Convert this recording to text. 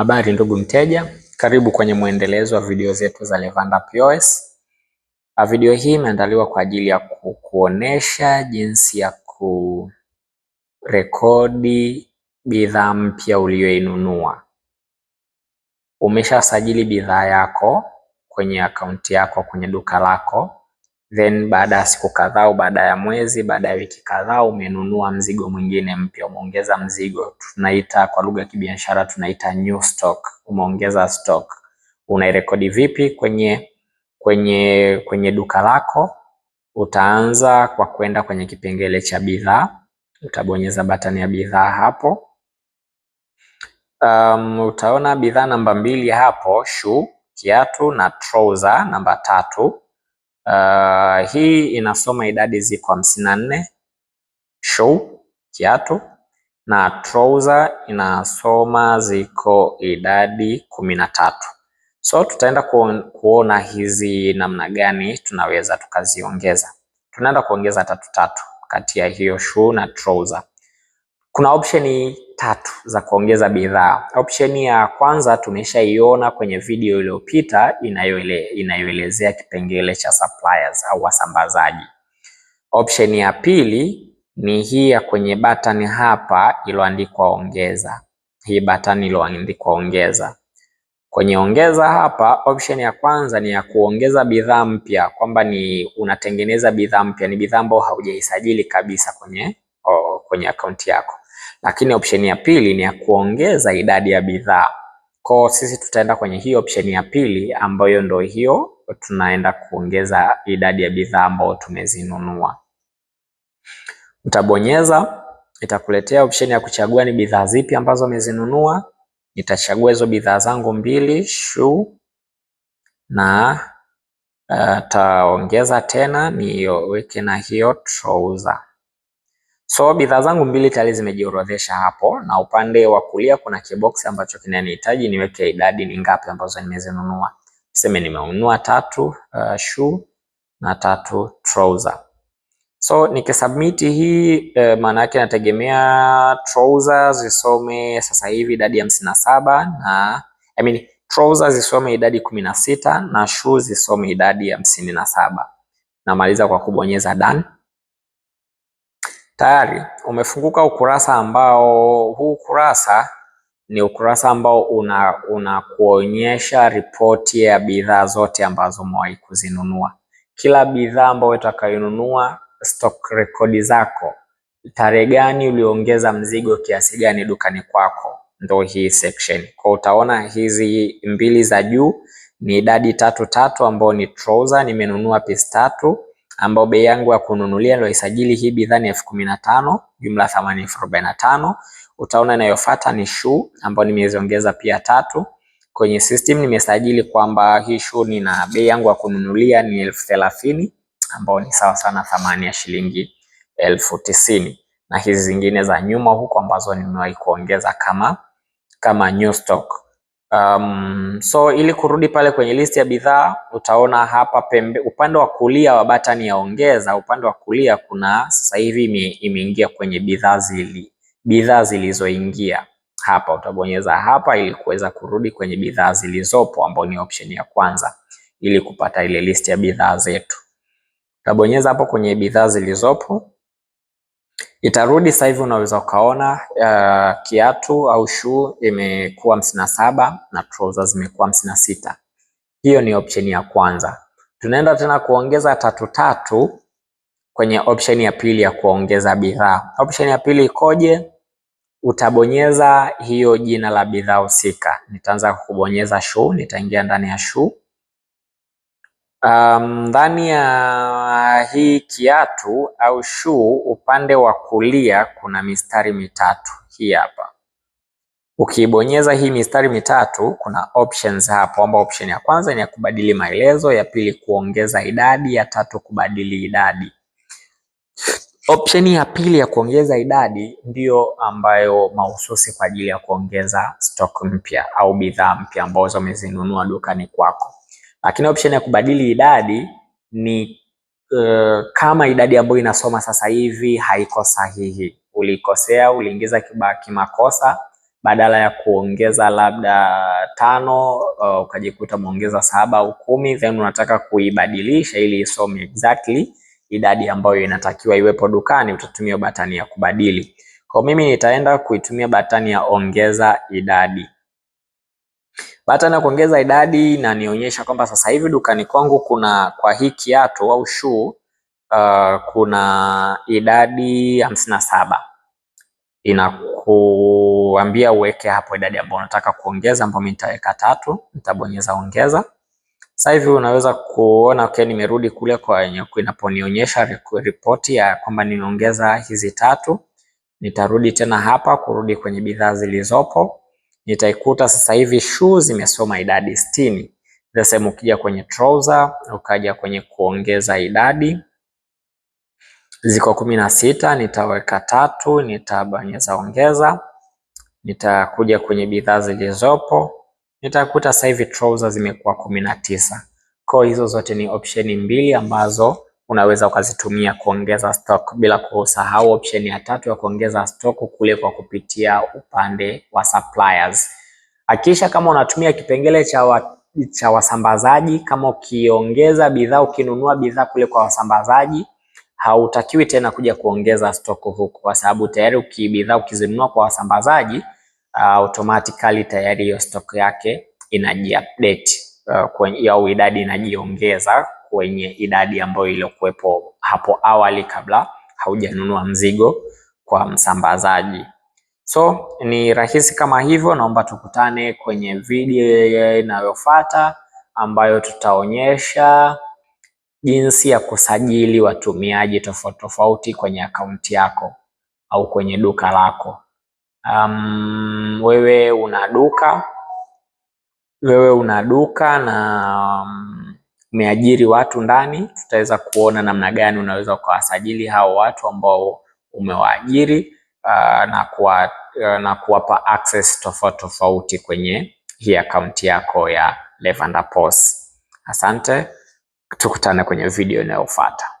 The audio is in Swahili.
Habari ndugu mteja, karibu kwenye mwendelezo wa video zetu za Levanda POS. Ah, video hii imeandaliwa kwa ajili ya kukuonesha jinsi ya kurekodi bidhaa mpya uliyoinunua. Umeshasajili bidhaa yako kwenye akaunti yako kwenye duka lako then baada ya siku kadhaa au baada ya mwezi, baada ya wiki kadhaa umenunua mzigo mwingine mpya, umeongeza mzigo. Tunaita kwa lugha ya kibiashara tunaita new stock, umeongeza stock. Unairekodi vipi kwenye kwenye kwenye duka lako? Utaanza kwa kwenda kwenye kipengele cha bidhaa, utabonyeza batani ya bidhaa hapo. Um, utaona bidhaa namba mbili hapo, shoe kiatu na trouser namba tatu Uh, hii inasoma idadi ziko hamsini na nne. show kiatu na trouser inasoma ziko idadi kumi na tatu. So tutaenda kuona hizi namna gani tunaweza tukaziongeza. Tunaenda kuongeza tatu tatu kati ya hiyo shoe na trouser. Kuna option tatu za kuongeza bidhaa. Option ya kwanza tumeshaiona kwenye video iliyopita inayoele, inayoelezea kipengele cha suppliers au wasambazaji. Option ya pili ni hii ya kwenye button hapa iliyoandikwa ongeza. Hii button iliyoandikwa ongeza. Kwenye ongeza hapa option ya kwanza ni ya kuongeza bidhaa mpya, kwamba ni unatengeneza bidhaa mpya, ni bidhaa ambayo haujaisajili kabisa kwenye oh, kwenye akaunti yako. Lakini option ya pili ni ya kuongeza idadi ya bidhaa. Kwa sisi tutaenda kwenye hiyo option ya pili ambayo ndo hiyo tunaenda kuongeza idadi ya bidhaa ambayo tumezinunua. Utabonyeza, itakuletea option ya kuchagua ni bidhaa zipi ambazo umezinunua. Nitachagua hizo bidhaa zangu mbili shoe na uh, taongeza tena niweke na hiyo trouser. So bidhaa zangu mbili tayari zimejiorodhesha hapo, na upande wa kulia kuna kibox ambacho kinanihitaji niweke idadi ni ngapi ambazo nimezinunua. Tuseme nimenunua tatu uh, shoe na tatu trouser. So nikisubmit hii eh, maana yake nategemea trousers zisome sasa hivi idadi hamsini na saba na I mean trousers zisome idadi kumi na sita na shoes zisome idadi hamsini na saba. Namaliza kwa kubonyeza done. Tayari umefunguka ukurasa ambao huu ukurasa ni ukurasa ambao unakuonyesha ripoti ya bidhaa zote ambazo umewahi kuzinunua. Kila bidhaa ambayo utakayonunua, stock rekodi zako, tarehe gani uliongeza mzigo kiasi gani dukani kwako, ndo hii section. Kwa utaona hizi mbili za juu ni idadi tatu tatu ambao ni trouser, nimenunua piece tatu ambao bei yangu ya kununulia niloisajili hii bidhaa ni elfu kumi na tano jumla thamani elfu arobaini na tano. Utaona inayofuata ni shoe ambayo nimeziongeza pia tatu kwenye system. Nimesajili kwamba hii shoe na bei yangu ya kununulia ni elfu thelathini ambao ni sawa sana thamani ya shilingi elfu tisini na hizi zingine za nyuma huko ambazo nimewahi kuongeza kama, kama new stock. Um, so ili kurudi pale kwenye listi ya bidhaa utaona hapa pembe upande wa kulia wa batani ya ongeza, upande wa kulia kuna sasa hivi imeingia kwenye bidhaa zili bidhaa zilizoingia hapa, utabonyeza hapa ili kuweza kurudi kwenye bidhaa zilizopo, ambao ni option ya kwanza, ili kupata ile listi ya bidhaa zetu. Utabonyeza hapo kwenye bidhaa zilizopo Itarudi sasa hivi unaweza ukaona uh, kiatu au shoe imekuwa hamsini na saba na trousers zimekuwa hamsini na sita. Hiyo ni option ya kwanza. Tunaenda tena kuongeza tatu tatu kwenye option ya pili ya kuongeza bidhaa. Option ya pili ikoje? Utabonyeza hiyo jina la bidhaa husika. Nitaanza kubonyeza shoe, nitaingia ndani ya shoe ndani ya hii kiatu au shoe upande wa kulia kuna mistari mitatu hii hapa. ukibonyeza hii mistari mitatu kuna options hapo ambapo option ya kwanza ni ya kubadili maelezo, ya pili kuongeza idadi, ya tatu kubadili idadi. Option ya pili ya kuongeza idadi ndiyo ambayo mahususi kwa ajili ya kuongeza stock mpya au bidhaa mpya ambazo umezinunua dukani kwako. Lakini option ya kubadili idadi ni uh, kama idadi ambayo inasoma sasa hivi haiko sahihi, ulikosea, uliingiza kimakosa, badala ya kuongeza labda tano uh, ukajikuta umeongeza saba au kumi, then unataka kuibadilisha ili isome exactly idadi ambayo inatakiwa iwepo dukani, utatumia batani ya kubadili. Kwa mimi nitaenda kuitumia batani ya ongeza idadi. Baada ya kuongeza idadi na nionyesha kwamba sasa hivi dukani kwangu kuna kwa hii kiatu au shoe uh, kuna idadi hamsini na saba inakuambia uweke hapo idadi ambayo unataka kuongeza, ambayo mimi nitaweka tatu, nitabonyeza ongeza. Sasa hivi unaweza kuona okay, nimerudi kule kwa yenye inaponionyesha ripoti ya kwamba nimeongeza hizi tatu. Nitarudi tena hapa kurudi kwenye bidhaa zilizopo nitaikuta sasa hivi shoes zimesoma idadi sitini. Sasa ukija kwenye trouser, ukaja kwenye kuongeza idadi ziko kumi na sita, nitaweka tatu, nitabonyeza ongeza, nitakuja kwenye bidhaa zilizopo, nitakuta sasa hivi trouser zimekuwa kumi na tisa. Kwa hizo zote ni option mbili ambazo unaweza ukazitumia kuongeza stock, bila kusahau option ya tatu ya kuongeza stock kule kwa kupitia upande wa suppliers. Hakikisha kama unatumia kipengele cha wa, cha wasambazaji, kama ukiongeza bidhaa, ukinunua bidhaa kule kwa wasambazaji hautakiwi tena kuja kuongeza stock huko, kwa sababu tayari ukibidhaa ukizinunua kwa wasambazaji uh, automatically tayari hiyo stock yake inajiupdate uh, au idadi inajiongeza kwenye idadi ambayo iliyokuwepo hapo awali kabla haujanunua mzigo kwa msambazaji. So ni rahisi kama hivyo. Naomba tukutane kwenye video inayofuata ambayo tutaonyesha jinsi ya kusajili watumiaji tofauti tofauti kwenye akaunti yako au kwenye duka lako. Um, wewe una duka wewe una duka na um, umeajiri watu ndani, tutaweza kuona namna gani unaweza ukawasajili hao watu ambao umewaajiri uh, na kuwa, uh, na kuwapa access tofauti tofauti kwenye hii akaunti yako ya Levanda POS. Asante, tukutane kwenye video inayofuata.